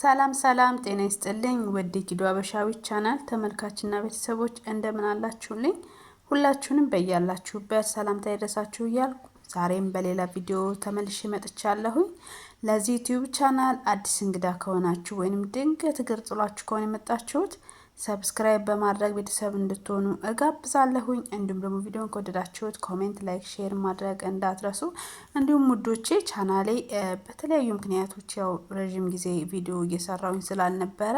ሰላም ሰላም፣ ጤና ይስጥልኝ ውድ ጊዶ አበሻዊ ቻናል ተመልካችና ቤተሰቦች እንደምን አላችሁልኝ? ሁላችሁንም በያላችሁበት ሰላምታ ይድረሳችሁ እያልኩ ዛሬም በሌላ ቪዲዮ ተመልሼ መጥቻለሁኝ። ለዚህ ዩቲዩብ ቻናል አዲስ እንግዳ ከሆናችሁ ወይንም ድንገት እግር ጥሏችሁ ከሆነ የመጣችሁት ሰብስክራይብ በማድረግ ቤተሰብ እንድትሆኑ እጋብዛለሁኝ። እንዲሁም ደግሞ ቪዲዮን ከወደዳችሁት ኮሜንት፣ ላይክ፣ ሼር ማድረግ እንዳትረሱ። እንዲሁም ውዶቼ ቻናሌ በተለያዩ ምክንያቶች ያው ረዥም ጊዜ ቪዲዮ እየሰራውኝ ስላልነበረ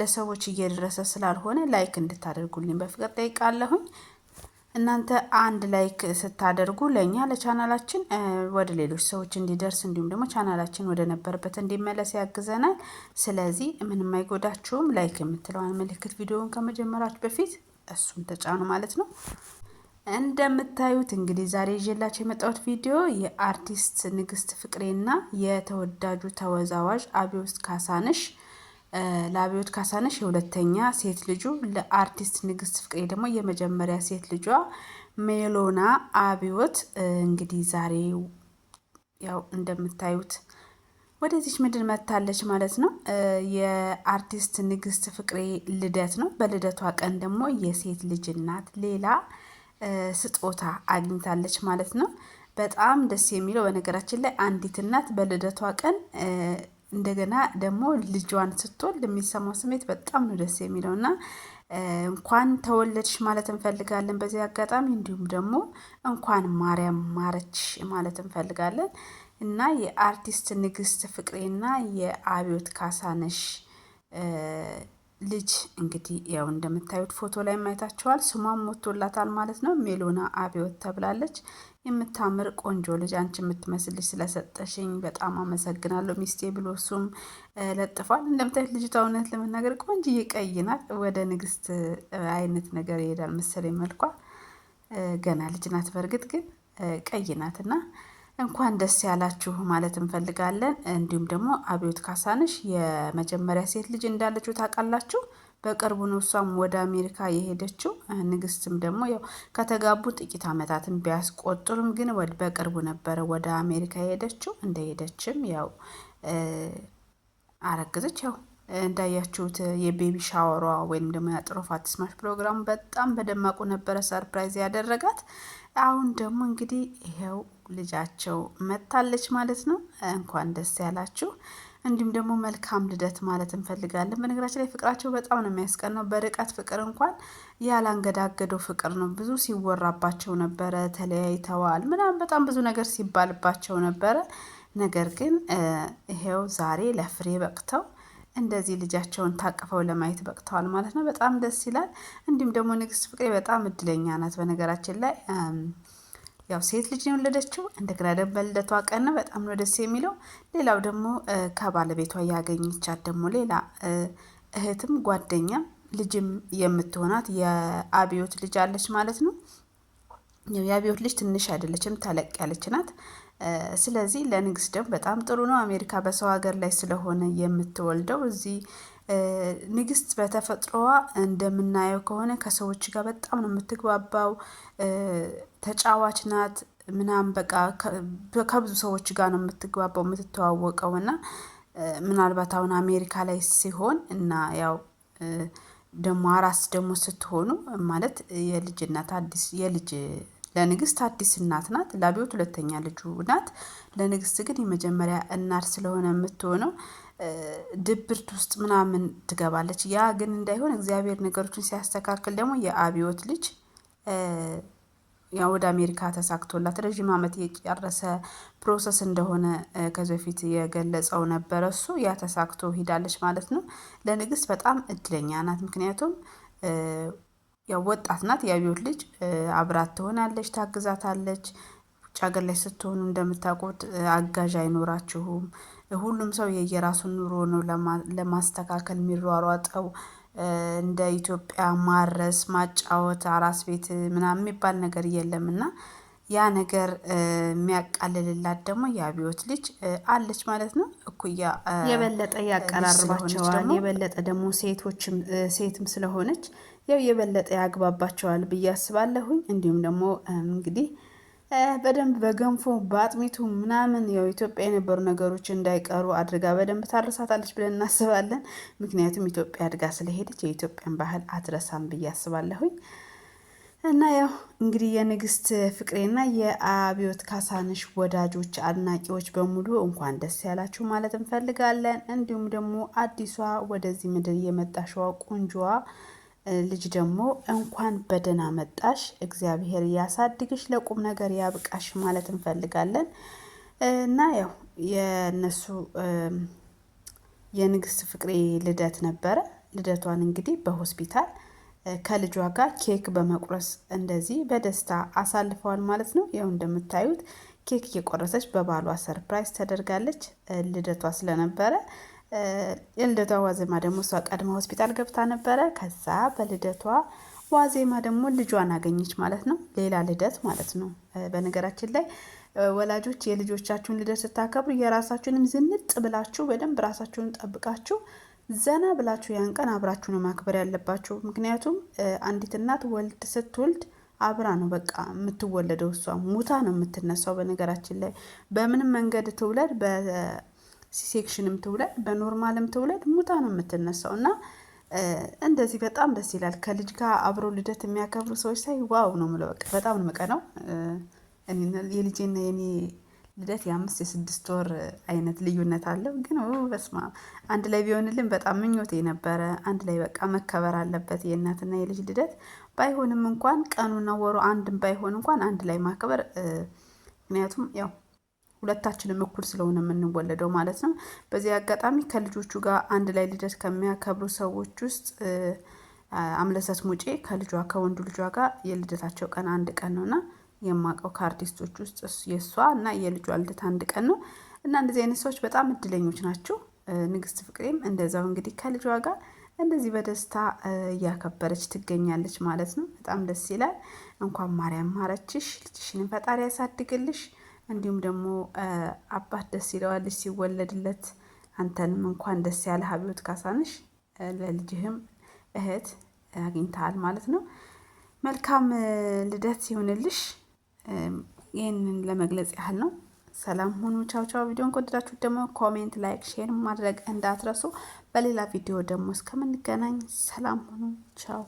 ለሰዎች እየደረሰ ስላልሆነ ላይክ እንድታደርጉልኝ በፍቅር ጠይቃለሁኝ። እናንተ አንድ ላይክ ስታደርጉ ለእኛ ለቻናላችን ወደ ሌሎች ሰዎች እንዲደርስ እንዲሁም ደግሞ ቻናላችን ወደ ነበርበት እንዲመለስ ያግዘናል። ስለዚህ ምንም አይጎዳችሁም። ላይክ የምትለዋን ምልክት ቪዲዮውን ከመጀመራችሁ በፊት እሱን ተጫኑ ማለት ነው። እንደምታዩት እንግዲህ ዛሬ ይዤላችሁ የመጣሁት ቪዲዮ የአርቲስት ንግስት ፍቅሬና የተወዳጁ ተወዛዋዥ አብዮት ካሳንሽ ለአብዮት ካሳነሽ የሁለተኛ ሴት ልጁ፣ ለአርቲስት ንግስት ፍቅሬ ደግሞ የመጀመሪያ ሴት ልጇ ሜሎና አብዮት እንግዲህ ዛሬ ያው እንደምታዩት ወደዚች ምድር መታለች ማለት ነው። የአርቲስት ንግስት ፍቅሬ ልደት ነው። በልደቷ ቀን ደግሞ የሴት ልጅ እናት ሌላ ስጦታ አግኝታለች ማለት ነው። በጣም ደስ የሚለው በነገራችን ላይ አንዲት እናት በልደቷ ቀን እንደገና ደግሞ ልጇን ስትወልድ የሚሰማው ስሜት በጣም ነው ደስ የሚለው እና እንኳን ተወለድሽ ማለት እንፈልጋለን በዚህ አጋጣሚ እንዲሁም ደግሞ እንኳን ማርያም ማረች ማለት እንፈልጋለን እና የአርቲስት ንግስት ፍቅሬና የአብዮት ካሳነሽ ልጅ እንግዲህ ያው እንደምታዩት ፎቶ ላይ ማየታቸዋል ስሟም ሞቶላታል ማለት ነው። ሜሎና አብዮት ተብላለች። የምታምር ቆንጆ ልጅ አንቺ የምትመስል ልጅ ስለሰጠሽኝ በጣም አመሰግናለሁ ሚስቴ ብሎ እሱም ለጥፏል። እንደምታዩት ልጅቷ እውነት ለመናገር ቆንጅዬ ቀይ ናት። ወደ ንግስት አይነት ነገር ይሄዳል መሰለኝ መልኳ። ገና ልጅ ናት። በእርግጥ ግን ቀይ ናትና እንኳን ደስ ያላችሁ ማለት እንፈልጋለን። እንዲሁም ደግሞ አብዮት ካሳንሽ የመጀመሪያ ሴት ልጅ እንዳለችው ታውቃላችሁ። በቅርቡ ነው እሷም ወደ አሜሪካ የሄደችው። ንግስትም ደግሞ ያው ከተጋቡ ጥቂት ዓመታትን ቢያስቆጥሩም ግን በቅርቡ ነበረ ወደ አሜሪካ የሄደችው። እንደሄደችም ያው አረግዘች ያው እንዳያችሁት የቤቢ ሻወሯ ወይም ደግሞ የአጥሮፋ ትስማሽ ፕሮግራሙ በጣም በደማቁ ነበረ ሰርፕራይዝ ያደረጋት። አሁን ደግሞ እንግዲህ ይኸው ልጃቸው መጥታለች ማለት ነው። እንኳን ደስ ያላችሁ። እንዲሁም ደግሞ መልካም ልደት ማለት እንፈልጋለን። በነገራችን ላይ ፍቅራቸው በጣም ነው የሚያስቀናው። በርቀት ፍቅር እንኳን ያላንገዳገደው ፍቅር ነው። ብዙ ሲወራባቸው ነበረ፣ ተለያይተዋል ምናምን በጣም ብዙ ነገር ሲባልባቸው ነበረ። ነገር ግን ይሄው ዛሬ ለፍሬ በቅተው እንደዚህ ልጃቸውን ታቅፈው ለማየት በቅተዋል ማለት ነው። በጣም ደስ ይላል። እንዲሁም ደግሞ ንግስት ፍቅሬ በጣም እድለኛ ናት በነገራችን ላይ ያው ሴት ልጅ ነው የወለደችው። እንደገና ደግሞ በልደቷ ቀን በጣም ነው ደስ የሚለው። ሌላው ደግሞ ከባለቤቷ ያገኘቻት ደግሞ ሌላ እህትም ጓደኛም ልጅም የምትሆናት የአብዮት ልጅ አለች ማለት ነው። የአብዮት ልጅ ትንሽ አይደለችም፣ ተለቅ ያለች ናት። ስለዚህ ለንግስት ደግሞ በጣም ጥሩ ነው። አሜሪካ በሰው ሀገር ላይ ስለሆነ የምትወልደው እዚህ ንግስት በተፈጥሮዋ እንደምናየው ከሆነ ከሰዎች ጋር በጣም ነው የምትግባባው። ተጫዋች ናት ምናምን በቃ ከብዙ ሰዎች ጋር ነው የምትግባባው የምትተዋወቀው እና ምናልባት አሁን አሜሪካ ላይ ሲሆን እና ያው ደግሞ አራስ ደግሞ ስትሆኑ ማለት የልጅ እናት አዲስ የልጅ ለንግስት አዲስ እናት ናት። ለአብዮት ሁለተኛ ልጁ ናት። ለንግስት ግን የመጀመሪያ እናት ስለሆነ የምትሆነው ድብርት ውስጥ ምናምን ትገባለች። ያ ግን እንዳይሆን እግዚአብሔር ነገሮችን ሲያስተካክል ደግሞ የአብዮት ልጅ ወደ አሜሪካ ተሳክቶላት ረዥም ዓመት የጨረሰ ፕሮሰስ እንደሆነ ከዚህ በፊት የገለጸው ነበረ። እሱ ያ ተሳክቶ ሂዳለች ማለት ነው። ለንግስት በጣም እድለኛ ናት። ምክንያቱም ያው ወጣት ናት። የአብዮት ልጅ አብራት ትሆናለች፣ ታግዛታለች። ውጭ ሀገር ላይ ስትሆኑ እንደምታውቁት አጋዥ አይኖራችሁም። ሁሉም ሰው የየራሱን ኑሮ ነው ለማስተካከል የሚሯሯጠው። እንደ ኢትዮጵያ ማረስ፣ ማጫወት፣ አራስ ቤት ምናምን የሚባል ነገር የለም እና ያ ነገር የሚያቃልልላት ደግሞ የአብዮት ልጅ አለች ማለት ነው። እኩያ የበለጠ ያቀራርባቸዋል። የበለጠ ደግሞ ሴቶችም ሴትም ስለሆነች ያው የበለጠ ያግባባቸዋል ብዬ አስባለሁኝ። እንዲሁም ደግሞ እንግዲህ በደንብ በገንፎ በአጥሚቱ ምናምን ያው ኢትዮጵያ የነበሩ ነገሮች እንዳይቀሩ አድርጋ በደንብ ታርሳታለች ብለን እናስባለን። ምክንያቱም ኢትዮጵያ አድጋ ስለሄደች የኢትዮጵያን ባህል አትረሳም ብዬ አስባለሁኝ። እና ያው እንግዲህ የንግስት ፍቅሬና የአብዮት ካሳንሽ ወዳጆች፣ አድናቂዎች በሙሉ እንኳን ደስ ያላችሁ ማለት እንፈልጋለን። እንዲሁም ደግሞ አዲሷ ወደዚህ ምድር የመጣሸዋ ቆንጆዋ ልጅ ደግሞ እንኳን በደህና መጣሽ፣ እግዚአብሔር ያሳድግሽ፣ ለቁም ነገር ያብቃሽ ማለት እንፈልጋለን እና ያው የነሱ የንግስት ፍቅሬ ልደት ነበረ። ልደቷን እንግዲህ በሆስፒታል ከልጇ ጋር ኬክ በመቁረስ እንደዚህ በደስታ አሳልፈዋል ማለት ነው። ያው እንደምታዩት ኬክ እየቆረሰች በባሏ ሰርፕራይዝ ተደርጋለች። ልደቷ ስለነበረ የልደቷ ዋዜማ ደግሞ እሷ ቀድማ ሆስፒታል ገብታ ነበረ። ከዛ በልደቷ ዋዜማ ደግሞ ልጇን አገኘች ማለት ነው። ሌላ ልደት ማለት ነው። በነገራችን ላይ ወላጆች የልጆቻችሁን ልደት ስታከብሩ የራሳችሁንም ዝንጥ ብላችሁ በደንብ ራሳችሁን ጠብቃችሁ ዘና ብላችሁ ያን ቀን አብራችሁ ነው ማክበር ያለባችሁ። ምክንያቱም አንዲት እናት ወልድ ስትወልድ አብራ ነው በቃ የምትወለደው። እሷ ሙታ ነው የምትነሳው። በነገራችን ላይ በምንም መንገድ ትውለድ ሲሴክሽንም ትውለድ በኖርማልም ትውለድ ሙታ ነው የምትነሳው እና እንደዚህ በጣም ደስ ይላል። ከልጅ ጋር አብሮ ልደት የሚያከብሩ ሰዎች ሳይ ዋው ነው የምለው። በቃ በጣም ነው የልጄና የኔ ልደት የአምስት የስድስት ወር አይነት ልዩነት አለው። ግን በስማ አንድ ላይ ቢሆንልን በጣም ምኞቴ ነበረ። አንድ ላይ በቃ መከበር አለበት የእናትና የልጅ ልደት። ባይሆንም እንኳን ቀኑና ወሩ አንድም ባይሆን እንኳን አንድ ላይ ማክበር ምክንያቱም ያው ሁለታችንም እኩል ስለሆነ የምንወለደው ማለት ነው። በዚህ አጋጣሚ ከልጆቹ ጋር አንድ ላይ ልደት ከሚያከብሩ ሰዎች ውስጥ አምለሰት ሙጬ ከልጇ ከወንዱ ልጇ ጋር የልደታቸው ቀን አንድ ቀን ነውና የማውቀው ከአርቲስቶች ውስጥ የእሷ እና የልጇ ልደት አንድ ቀን ነው እና እንደዚህ አይነት ሰዎች በጣም እድለኞች ናቸው። ንግስት ፍቅሬም እንደዛው እንግዲህ ከልጇ ጋር እንደዚህ በደስታ እያከበረች ትገኛለች ማለት ነው። በጣም ደስ ይላል። እንኳን ማርያም ማረችሽ። ልጅሽንም ፈጣሪ ያሳድግልሽ። እንዲሁም ደግሞ አባት ደስ ይለዋል ልጅ ሲወለድለት። አንተንም እንኳን ደስ ያለ ሀብዮት ካሳነሽ ለልጅህም እህት አግኝተሃል ማለት ነው። መልካም ልደት ይሁንልሽ። ይህንን ለመግለጽ ያህል ነው። ሰላም ሁኑ። ቻው ቻው። ቪዲዮን ከወደዳችሁት ደግሞ ኮሜንት፣ ላይክ፣ ሼር ማድረግ እንዳትረሱ። በሌላ ቪዲዮ ደግሞ እስከምንገናኝ ሰላም ሁኑ። ቻው